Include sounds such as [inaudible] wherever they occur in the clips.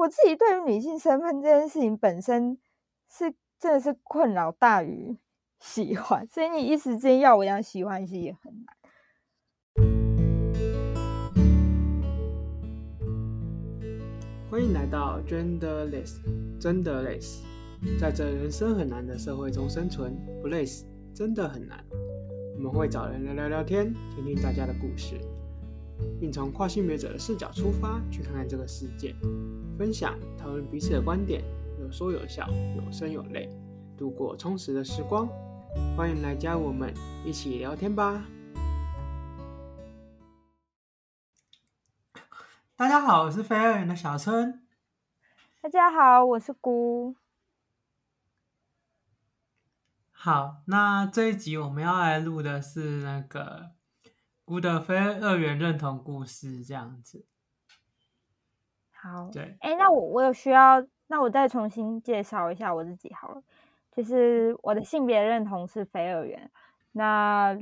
我自己對於女性身份這件事情本身是真的是困擾大於喜歡，所以你一時之間要我講喜歡其實也很難。歡迎來到 Genderless，真的累死，在這人生很難的社會中生存不累死真的很難。我們會找人聊聊聊天，聽聽大家的故事。並從跨性別者的視角出發，去看看這個世界，分享、討論彼此的觀點，有說有笑，有聲有淚，度過充實的時光。歡迎來加入我們一起聊天吧！大家好，我是非二元的小春。大家好，我是菇。好，那這一集我們要來錄的是那個。我的非二元認同故事這樣子，好，對，哎、欸，那我我有需要，那我再重新介紹一下我自己好了。就是我的性別認同是非二元，那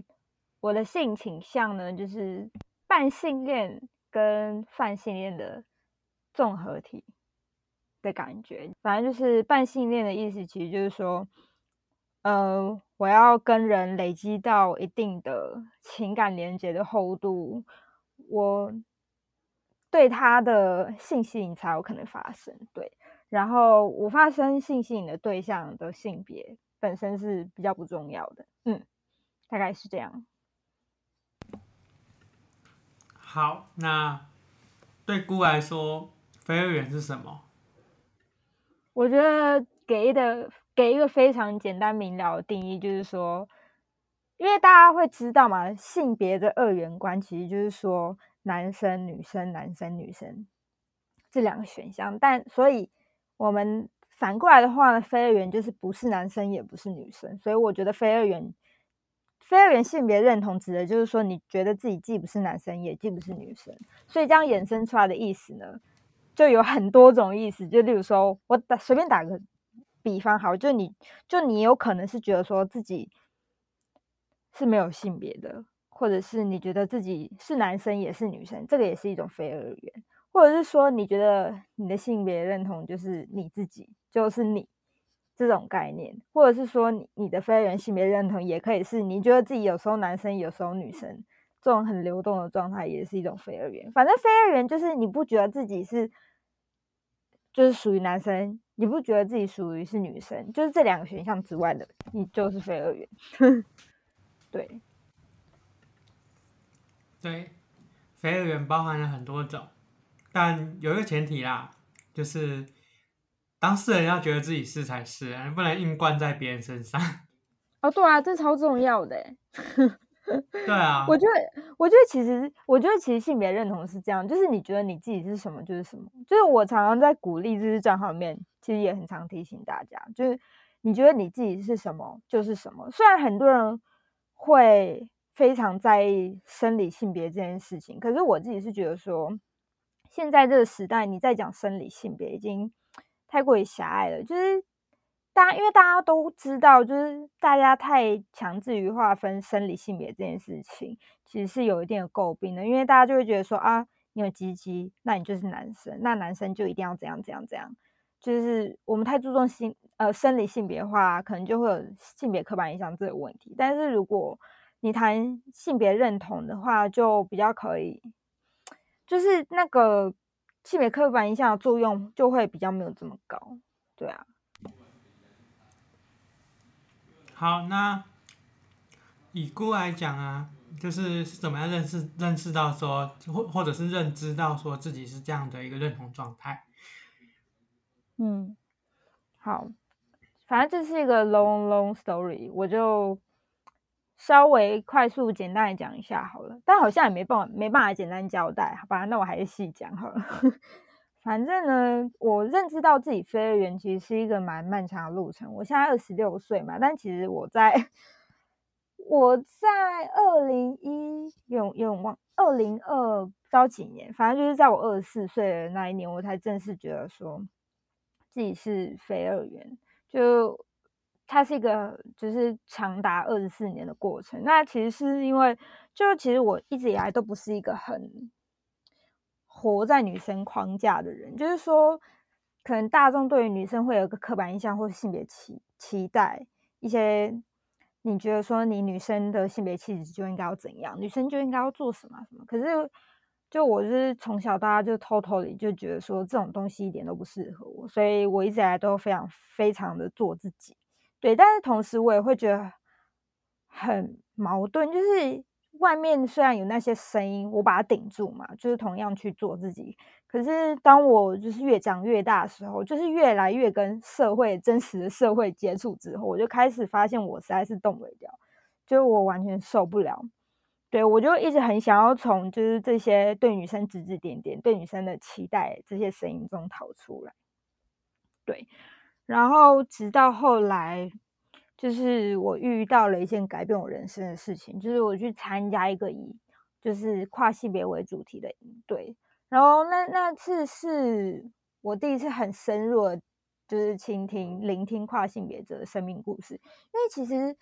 我的性傾向呢，就是半性戀跟泛性戀的綜合體的感覺。反正就是半性戀的意思，其實就是說。呃，我要跟人累積到一定的情感連接的厚度，我對他的性吸引才有可能發生。對，然後我發生性吸引的對象的性別本身是比較不重要的，嗯，大概是這樣。好，那對菇來說，非二元是什麼？我覺得給的。給一個非常簡單明了的定義，就是說，因為大家會知道嘛，性別的二元觀其實就是說男生、女生、男生、女生這兩個選項。但所以我們反過來的話呢，非二元就是不是男生也不是女生。所以我覺得非二元、非二元性別認同指的就是說，你覺得自己既不是男生也既不是女生。所以這樣衍生出來的意思呢，就有很多種意思。就例如說我打，隨便打個。比方好，就你就你有可能是覺得說自己是沒有性別的，或者是你覺得自己是男生也是女生，這個也是一種非二元，或者是說你覺得你的性別認同就是你自己就是你這種概念，或者是說你，你的非二元性別認同也可以是你覺得自己有時候男生有時候女生這種很流動的狀態也是一種非二元。反正非二元就是你不覺得自己是就是屬於男生，你不覺得自己屬於是女生，就是這兩個選項之外的，你就是非二元。對，對，非二元包含了很多種，但有一個前提啦，就是當事人要覺得自己是才是，不能硬灌在別人身上。哦，對啊，這超重要的。 [laughs] 對啊，我覺得，我覺得其實，我覺得其實性別認同是這樣，就是你覺得你自己是什麼就是什麼，就是我常常在鼓勵這些賬號裡面。其實也很常提醒大家，就是你覺得你自己是什麼，就是什麼。雖然很多人會非常在意生理性別這件事情，可是我自己是覺得說，現在這個時代你在講生理性別已經太過於狹隘了。就是大家，因為大家都知道，就是大家太強制於劃分生理性別這件事情，其實是有一點詬病的。因為大家就會覺得說啊，你有雞雞，那你就是男生，那男生就一定要怎樣怎樣怎樣。這樣這樣就是我們太注重性呃，生理性別的話，可能就會有性別刻板印象這個問題。但是如果你談性別認同的話，就比較可以，就是那個性別刻板印象的作用就會比較沒有這麼高。對啊，好，那以菇來講啊，就是是怎麼樣認識認識到說，或或者是認知到說自己是這樣的一個認同狀態。嗯，好，反正這是一個 long long story，我就稍微快速簡單的講一下好了，但好像也沒辦法沒辦法簡單交代，好吧，那我還是細講好了。 [laughs] 反正呢，我認知到自己非二元其實是一個蠻漫長的路程。我現在二十六歲嘛，但其實我在我在二零一用用忘二零二不知道幾年，反正就是在我二十四歲的那一年，我才正式覺得說。自己是非二元，就它是一個，就是長達二十四年的過程。那其實是因為，就其實我一直以來都不是一個很活在女生框架的人。就是說，可能大眾對於女生會有一個刻板印象，或是性別期期待一些。你覺得說你女生的性別氣質就應該要怎樣，女生就應該要做什麼什麼？可是，就我是從小到大就偷偷的就覺得說這種東西一點都不適合我，所以我一直以來都非常非常的做自己。對，但是同時我也會覺得很矛盾，就是外面雖然有那些聲音，我把它頂住嘛，就是同樣去做自己。可是當我就是越長越大的時候，就是越來越跟社會真實的社會接觸之後，我就開始發現我實在是動不了，就我完全受不了。對，我就一直很想要從就是這些對女生指指點點、對女生的期待這些聲音中逃出來。對，然後直到後來，就是我遇到了一件改變我人生的事情，就是我去參加一個以就是跨性別為主題的營。對，然後那那次是我第一次很深入的，就是傾聽、聆聽跨性別者的生命故事，因為其實。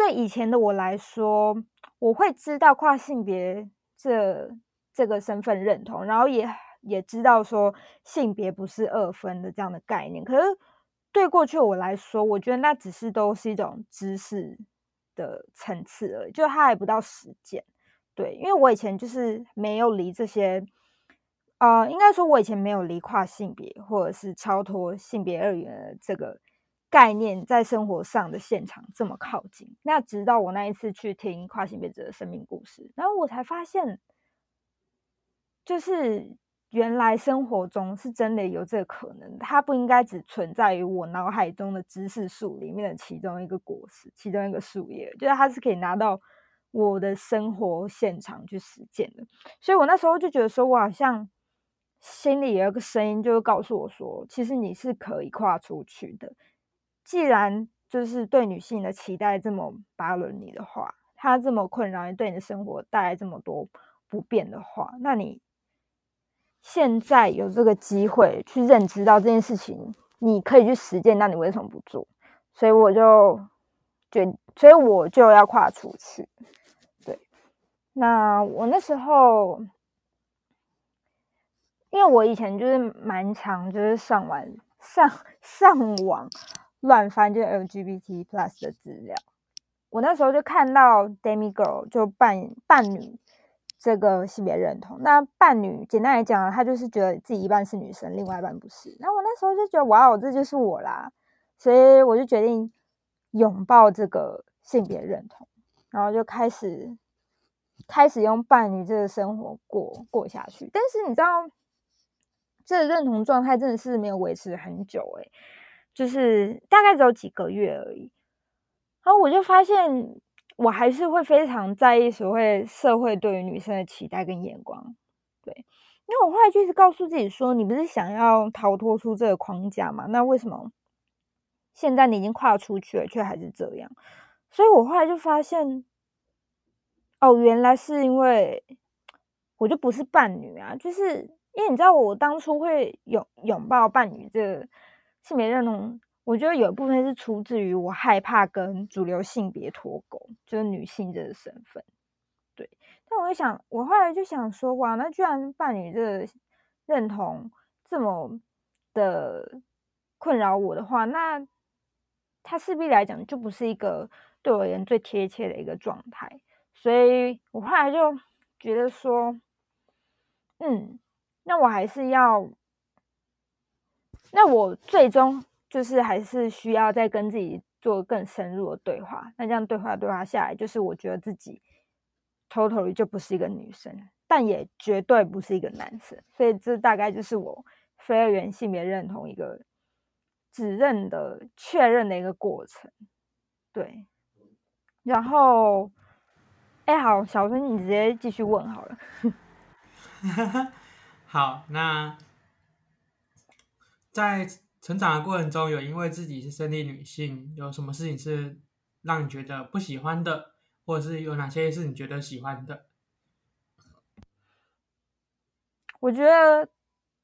對以前的我來說，我會知道跨性別這這個身份認同，然後也也知道說性別不是二分的這樣的概念。可是對過去我來說，我覺得那只是都是一種知識的層次而已，就它還不到實踐。對，因為我以前就是沒有離這些，呃，應該說我以前沒有離跨性別或者是超脫性別二元的這個。概念在生活上的現場這麼靠近，那直到我那一次去聽跨性別者的生命故事，然後我才發現，就是原來生活中是真的有這個可能，它不應該只存在於我腦海中的知識樹裡面的其中一個果實、其中一個樹葉，就是它是可以拿到我的生活現場去實踐的。所以我那時候就覺得說，我好像心裡有一個聲音，就告訴我說，其實你是可以跨出去的。既然就是對女性的期待這麼霸凌你的話，她，這麼困擾，也對你的生活帶來這麼多不便的話，那你現在有這個機會去認知到這件事情，你可以去實踐，那你為什麼不做？所以我就決，所以我就要跨出去。對，那我那時候，因為我以前就是蠻常就是上完上上網。亂翻就是 LGBT plus 的資料，我那時候就看到 demigirl 就半半女這個性別認同。那半女簡單來講，她就是覺得自己一半是女生，另外一半不是。那我那時候就覺得，哇哦，這就是我啦！所以我就決定擁抱這個性別認同，然後就開始開始用半女這個生活過過下去。但是你知道，這個認同狀態真的是沒有維持很久，欸，誒就是大概只有幾個月而已，然後我就發現我還是會非常在意所謂社會對於女生的期待跟眼光，對，因為我後來就是告訴自己說，你不是想要逃脫出這個框架嗎？那為什麼現在你已經跨出去了，卻還是這樣？所以我後來就發現，哦，原來是因為我就不是伴侶啊，就是因為你知道我當初會擁擁抱伴侶這個。性別認同，我覺得有一部分是出自於我害怕跟主流性別脫鈎，就是女性這個身份。對，但我就想，我後來就想說，哇，那既然伴侶這個認同這麼的困擾我的話，那它勢必來講就不是一個對我而言最貼切的一個狀態。所以我後來就覺得說，嗯，那我還是要。那我最終就是還是需要再跟自己做更深入的對話。那這樣對話對話下來，就是我覺得自己 totally 就不是一個女生，但也絕對不是一個男生。所以這大概就是我非二元性別認同一個指認的確認的一個過程。對。然後，哎，好，小春，你直接繼續問好了。 [laughs] [laughs] 好，那。在成長的過程中，有因為自己是生理女性，有什麼事情是讓你覺得不喜歡的，或者是有哪些是你覺得喜歡的？我覺得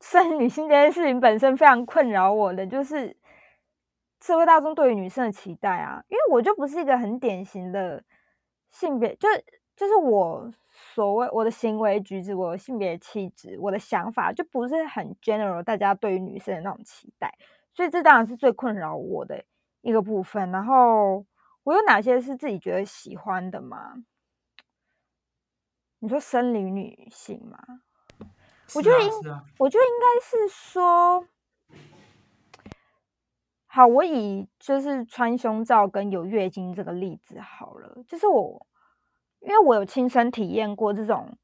生理女性這件事情本身非常困擾我的，就是社會大眾對於女生的期待啊，因為我就不是一個很典型的性別，就就是我。所謂我的行為舉止、我的性別氣質、我的想法，就不是很 general 大家對於女生的那種期待，所以這當然是最困擾我的一個部分。然後我有哪些是自己覺得喜歡的嗎？你說生理女性嗎？啊啊、我覺得應，我覺得應該是說，好，我以就是穿胸罩跟有月經這個例子好了，就是我。因為我有親身體驗過這種，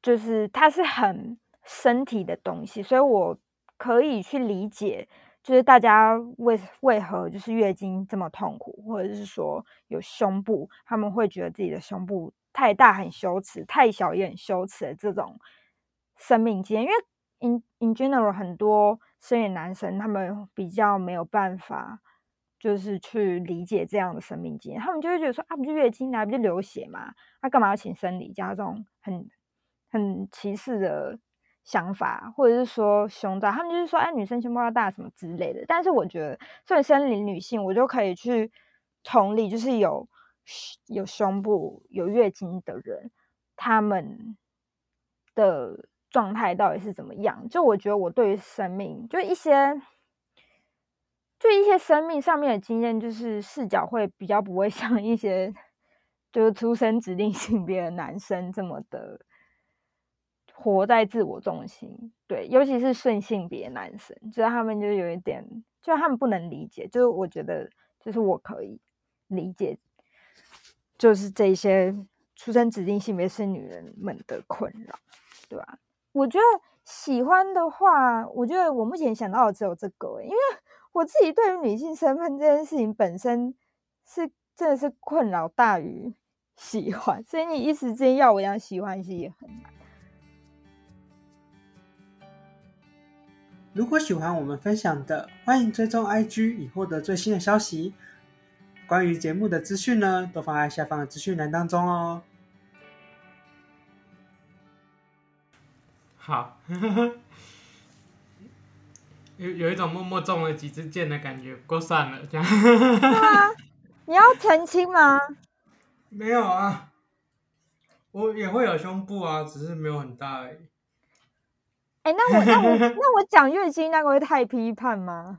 就是它是很身體的東西，所以我可以去理解，就是大家為為何就是月經這麼痛苦，或者是說有胸部，他們會覺得自己的胸部太大很羞恥，太小也很羞恥的這種生命經驗，因為 in in general 很多生理男生他們比較沒有辦法。就是去理解這樣的生命經驗，他們就會覺得說啊，不就月經來、啊，不就流血嘛，他、啊、幹嘛要請生理？加這種很很歧視的想法，或者是說胸大，他們就是說，哎、啊，女生胸部要大什麼之類的。但是我覺得作為生理女性，我就可以去同理，就是有有胸部、有月經的人，他們的狀態到底是怎麼樣？就我覺得我對於生命，就一些。就一些生命上面的經驗，就是視角會比較不會像一些就是出生指定性別的男生這麼的活在自我中心，對，尤其是順性別男生，就他們就有一點，就他們不能理解，就是我覺得，就是我可以理解，就是這些出生指定性別是女人們的困擾，對吧？我覺得喜歡的話，我覺得我目前想到的只有這個、欸，因為。我自己對於女性身份這件事情本身是真的是困擾大於喜歡，所以你一時間要我樣喜歡一些也很難。如果喜歡我們分享的，歡迎追蹤 IG 以獲得最新的消息。關於節目的資訊呢，都放在下方的資訊欄當中哦。好。 [laughs] 有有一種默默中了幾支箭的感覺，不過算了，這樣。是嗎？你要澄清嗎？ [laughs] 沒有啊，我也會有胸部啊，只是沒有很大而已。哎、欸，那我那我 [laughs] 那我講月經那個會太批判嗎？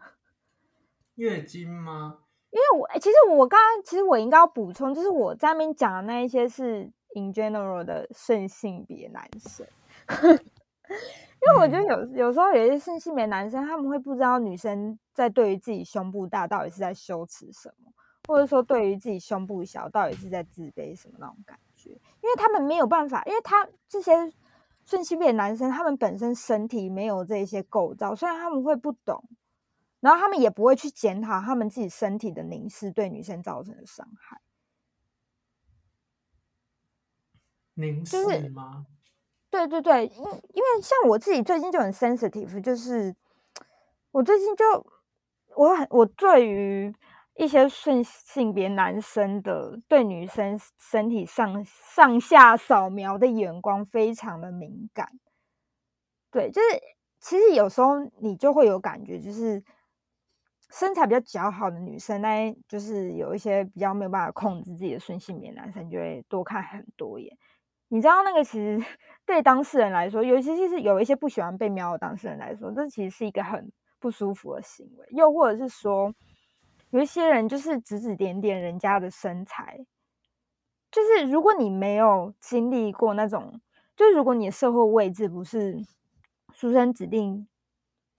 月經嗎？因為我哎、欸，其實我剛剛其實我應該要補充，就是我上面講的那一些是 in general 的順性別男生。 [laughs] [laughs] 因為我覺得有有時候有些順性別男生，他們會不知道女生在對於自己胸部大到底是在羞恥什麼，或者說對於自己胸部小到底是在自卑什麼那種感覺。因為他們沒有辦法，因為他這些順性別男生，他們本身身體沒有這些構造，雖然他們會不懂，然後他們也不會去檢討他們自己身體的凝視對女生造成的傷害。凝視嗎？就是對對對，因因為像我自己最近就很 sensitive，就是我最近就我很我對於一些順性別男生的對女生身體上上下掃描的眼光非常的敏感。對，就是其實有時候你就會有感覺，就是身材比較姣好的女生，那就是有一些比較沒有辦法控制自己的順性別男生，就會多看很多眼。你知道那個其實對當事人來說，尤其就是有一些不喜歡被瞄的當事人來說，這其實是一個很不舒服的行為。又或者是說，有一些人就是指指點點人家的身材，就是如果你沒有經歷過那種，就如果你的社會位置不是出生指定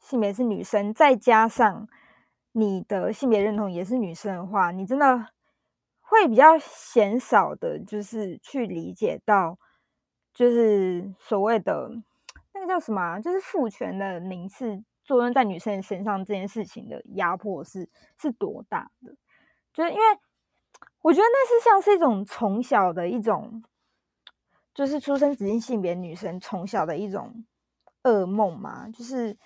性別是女生，再加上你的性別認同也是女生的話，你真的。會比較鮮少的，就是去理解到，就是所謂的那個叫什麼、啊，就是父權的名次作用在女生身上這件事情的壓迫是是多大的？就是因為我覺得那是像是一種從小的一種，就是出生指定性別女生從小的一種噩夢嘛，就是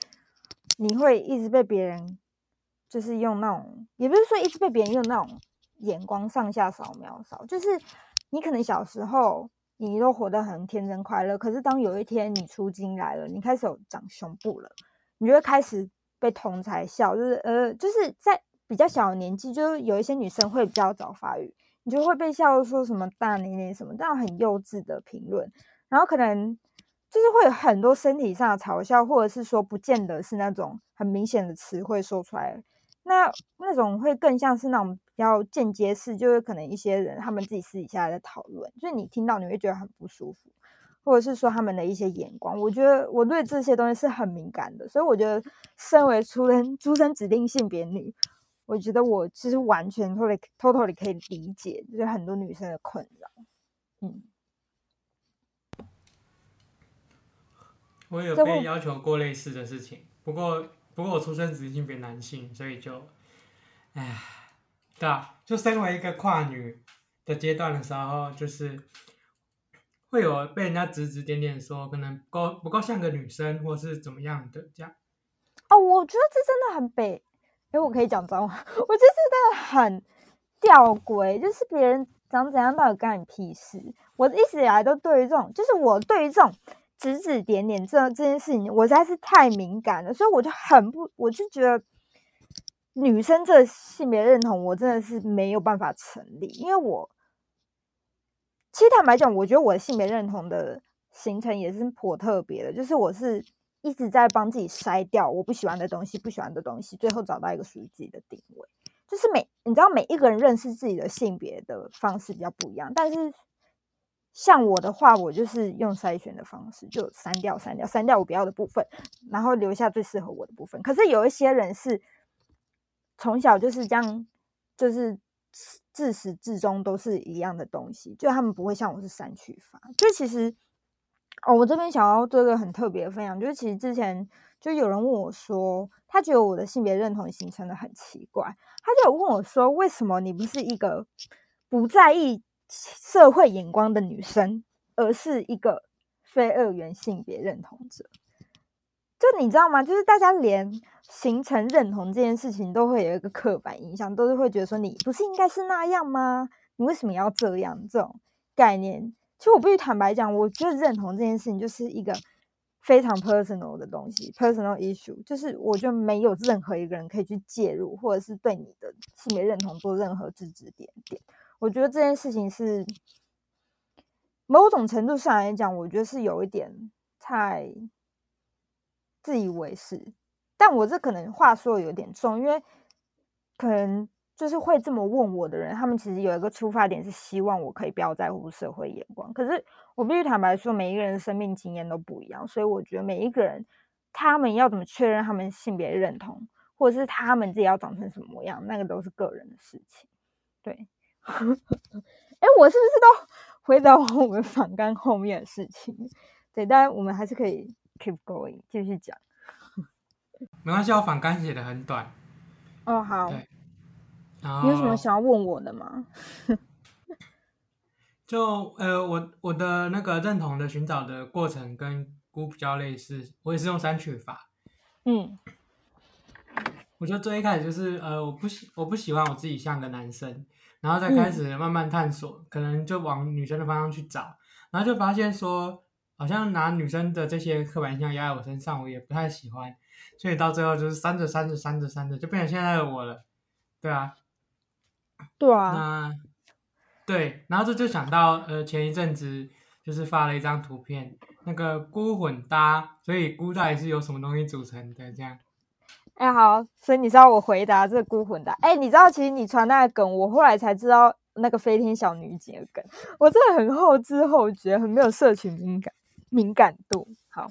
你會一直被別人，就是用那種，也不是說一直被別人用那種。眼光上下掃描掃，就是你可能小時候你都活得很天真快樂，可是當有一天你初經來了，你開始有長胸部了，你就會開始被同儕笑，就是呃，就是在比較小的年紀，就是有一些女生會比較早發育，你就會被笑說什麼大奶奶什麼，這樣很幼稚的評論，然後可能就是會有很多身體上的嘲笑，或者是說不見得是那種很明顯的詞彙說出來，那那種會更像是那種。要間接式，就是可能一些人他們自己私底下在討論，所以你聽到你會覺得很不舒服，或者是說他們的一些眼光，我覺得我對這些東西是很敏感的，所以我覺得身為出生出生指定性別女，我覺得我其實完全 totally，totally 可以理解，就是很多女生的困擾。嗯，我有被要求過類似的事情，不過不過我出生指定性別男性，所以就，哎。對啊，就身為一個跨女的階段的時候，就是會有被人家指指點點說，說可能不夠不夠像個女生，或者是怎麼樣的這樣。哦，我覺得這真的很北，因為我可以講髒話，我這是真的很吊詭，就是別人長怎樣到底干你屁事？我一直以來都對於這種，就是我對於這種指指點點這這件事情，我實在是太敏感了，所以我就很不，我就覺得。女生這性別認同，我真的是沒有辦法成立，因為我其實坦白講，我覺得我的性別認同的形成也是頗特別的，就是我是一直在幫自己篩掉我不喜歡的東西，不喜歡的東西，最後找到一個屬於自己的定位。就是每你知道每一個人認識自己的性別的方式比較不一樣，但是像我的話，我就是用篩選的方式，就刪掉刪掉刪掉我不要的部分，然後留下最適合我的部分。可是有一些人是。從小就是這樣，就是自始至終都是一樣的東西。就他們不會像我是刪去法。就其實，哦，我這邊想要做一個很特別的分享，就是其實之前就有人問我說，他覺得我的性別認同形成的很奇怪，他就有問我說，為什麼你不是一個不在意社會眼光的女生，而是一個非二元性別認同者？就你知道嗎？就是大家連形成認同這件事情都會有一個刻板印象，都是會覺得說你不是應該是那樣嗎？你為什麼要這樣？這種概念，其實我必須坦白講，我覺得認同這件事情就是一個非常 personal 的東西，personal issue，就是我覺得沒有任何一個人可以去介入，或者是對你的性別認同做任何指指點點。我覺得這件事情是某種程度上來講，我覺得是有一點太。自以為是，但我這可能話說有點重，因為可能就是會這麼問我的人，他們其實有一個出發點是希望我可以不要在乎社會眼光。可是我必須坦白說，每一個人的生命經驗都不一樣，所以我覺得每一個人他們要怎麼確認他們性別認同，或者是他們自己要長成什麼模樣，那個都是個人的事情。對，哎， [laughs] 我是不是都回答完我們訪綱後面的事情？對，當然我們還是可以。Keep going，繼續講。沒關係，我反感寫的很短。哦，oh, 好。對。然後你有什麼想要問我的嗎？ [laughs] 就呃，我我的那個認同的尋找的過程跟菇比較類似，我也是用刪去法。嗯。我覺得最一開始就是呃，我不喜我不喜歡我自己像個男生，然後再開始慢慢探索，嗯、可能就往女生的方向去找，然後就發現說。好像拿女生的這些刻板印象壓在我身上，我也不太喜歡，所以到最後就是刪着刪着刪着刪着，就變成現在的我了。對啊，對啊那，對。然後這就想到呃，前一陣子就是發了一張圖片，那個菇混搭，所以菇到底是由什麼東西組成的？這樣。哎，欸、好，所以你知道我回答這個菇混搭？哎、欸，你知道其實你傳那個梗，我後來才知道那個飛天小女警的梗，我真的很後知後覺，很沒有社群敏感。敏感度好，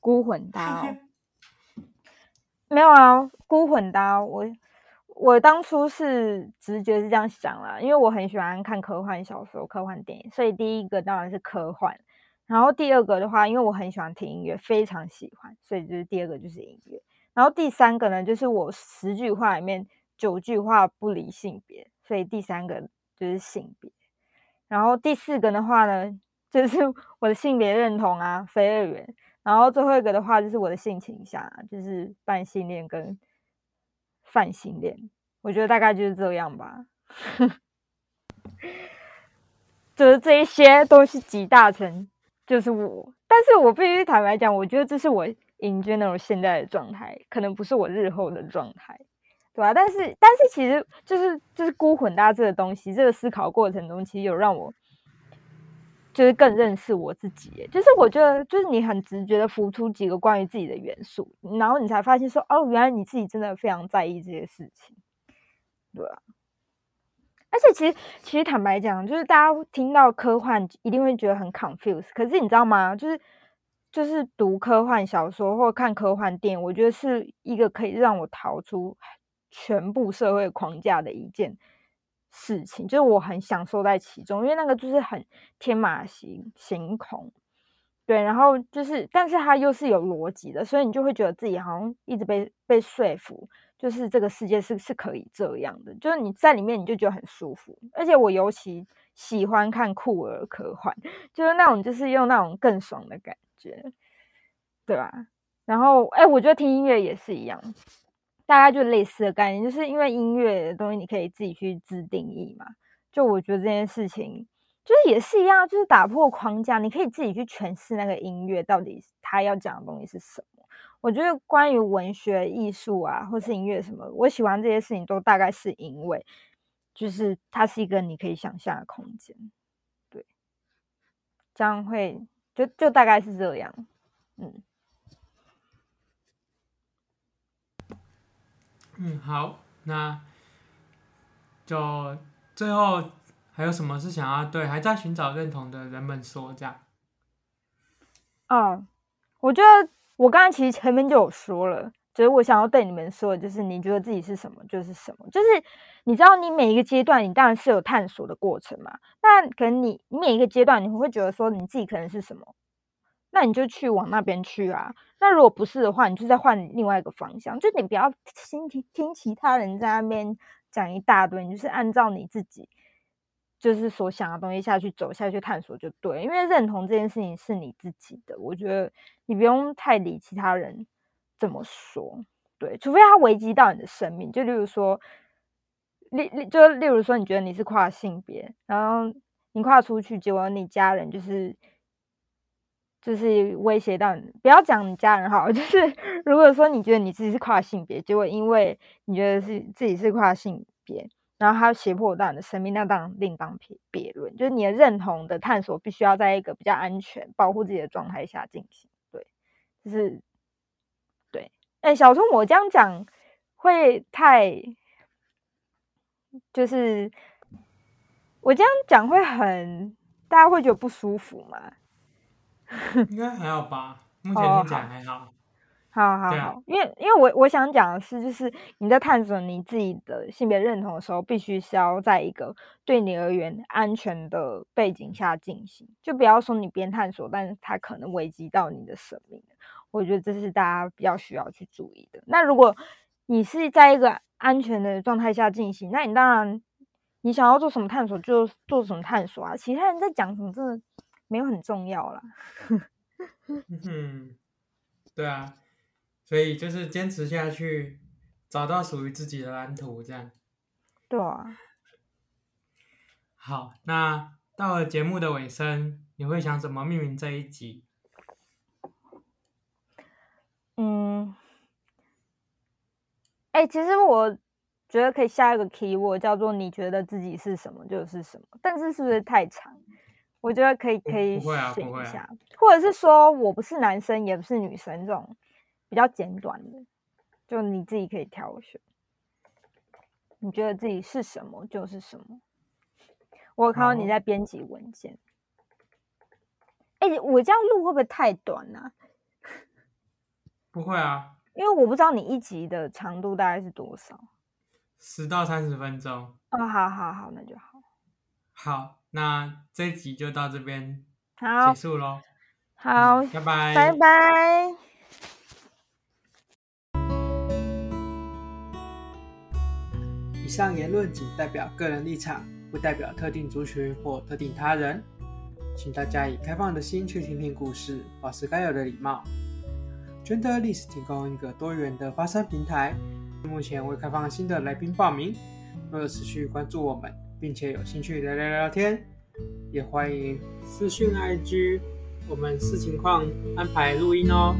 孤魂搭哦。 [laughs] 沒有啊，孤魂搭。我我當初是直覺是這樣想啦，因為我很喜歡看科幻小說、科幻電影，所以第一個當然是科幻。然後第二個的話，因為我很喜歡聽音樂，非常喜歡，所以就是第二個就是音樂。然後第三個呢，就是我十句話裡面九句話不離性別，所以第三個就是性別。然後第四個的話呢？就是我的性別認同啊，非二元。然後最後一個的話，就是我的性傾向，就是半性戀跟泛性戀。我覺得大概就是這樣吧。 [laughs] 就是這一些東西集大成，就是我。但是我必須坦白講，我覺得這是我 in general 現在的狀態，可能不是我日後的狀態，對吧、啊？但是，但是其實就是、就是、就是孤魂大這個東西，這個思考過程中，其實有讓我。就是更認識我自己，就是我覺得就是你很直覺的浮出幾個關於自己的元素，然後你才發現說，哦，原來你自己真的非常在意這些事情，對啊。而且其實其實坦白講，就是大家聽到科幻一定會覺得很 confuse，可是你知道嗎？就是就是讀科幻小說或看科幻電影，我覺得是一個可以讓我逃出全部社會框架的一件。事情就是我很享受在其中，因為那個就是很天馬行行空，對，然後就是，但是它又是有邏輯的，所以你就會覺得自己好像一直被被說服，就是這個世界是是可以這樣的，就是你在裡面你就覺得很舒服，而且我尤其喜歡看酷兒科幻，就是那種就是用那種更爽的感覺，對吧？然後誒、欸，我覺得聽音樂也是一樣。大概就類似的概念，就是因為音樂的東西你可以自己去自定義嘛。就我覺得這件事情，就是也是一樣，就是打破框架，你可以自己去詮釋那個音樂到底它要講的東西是什麼。我覺得關於文學、藝術啊，或是音樂什麼，我喜歡這些事情，都大概是因為，就是它是一個你可以想象的空間。對，這樣會就就大概是這樣，嗯。嗯，好，那就最後還有什麼是想要對還在尋找認同的人們說這樣？嗯，我覺得我剛剛其實前面就有說了，所以我想要對你們說的，就是你覺得自己是什麼就是什麼，就是你知道你每一個階段你當然是有探索的過程嘛，那可能你你每一個階段你會，會覺得說你自己可能是什麼。那你就去往那邊去啊。那如果不是的話，你就再換另外一個方向。就你不要聽聽其他人在那邊講一大堆，你就是按照你自己就是所想的東西下去走下去探索就對。因為認同這件事情是你自己的，我覺得你不用太理其他人怎麼說。對，除非他危及到你的生命。就例如說，例例就例如說，你覺得你是跨性別，然後你跨出去，結果你家人就是。就是威脅到你，不要講你家人好。就是如果說你覺得你自己是跨性別，結果因為你覺得是自己是跨性別，然後他脅迫到你的生命，那當然另當別別論。就是你的認同的探索，必須要在一個比較安全、保護自己的狀態下進行。對，就是對。哎，小聰，我這樣講會太，就是我這樣講會很，大家會覺得不舒服嗎？應該還好吧， [laughs] oh, 目前進展還好。好，好好，對因為因為我我想講的是，就是你在探索你自己的性別認同的時候，必須是要在一個對你而言安全的背景下進行，就不要說你邊探索，但是他可能危及到你的生命。我覺得這是大家比較需要去注意的。那如果你是在一個安全的狀態下進行，那你當然你想要做什麼探索就做什麼探索啊，其他人在講什麼真的。沒有很重要啦， [laughs] 嗯，對啊，所以就是堅持下去，找到屬於自己的藍圖，這樣，對啊，好，那到了節目的尾聲，你會想怎麼命名這一集？嗯，哎、欸，其實我覺得可以下一個 key word 叫做“你覺得自己是什麼就是什麼”，但是是不是太長？我覺得可以，可以選一下，嗯啊啊、或者是說我不是男生，也不是女生這種比較簡短的，就你自己可以挑選。你覺得自己是什麼就是什麼。我看到你在編輯文件。哎好，我這樣錄會不會太短啊？不會啊，因為我不知道你一集的長度大概是多少。十到三十分鐘。哦，好，好，好，那就好。好。那這集就到這邊結束嘍。好，嗯、好，拜拜。拜拜。以上言論僅代表個人立場，不代表特定族群或特定他人。請大家以開放的心去聽聽故事，保持該有的禮貌。Genderless 提供一個多元的發聲平台，目前未開放新的來賓報名。若持續關注我們。並且有興趣的聊聊聊天，也歡迎私訊 IG，我們視情況安排錄音哦。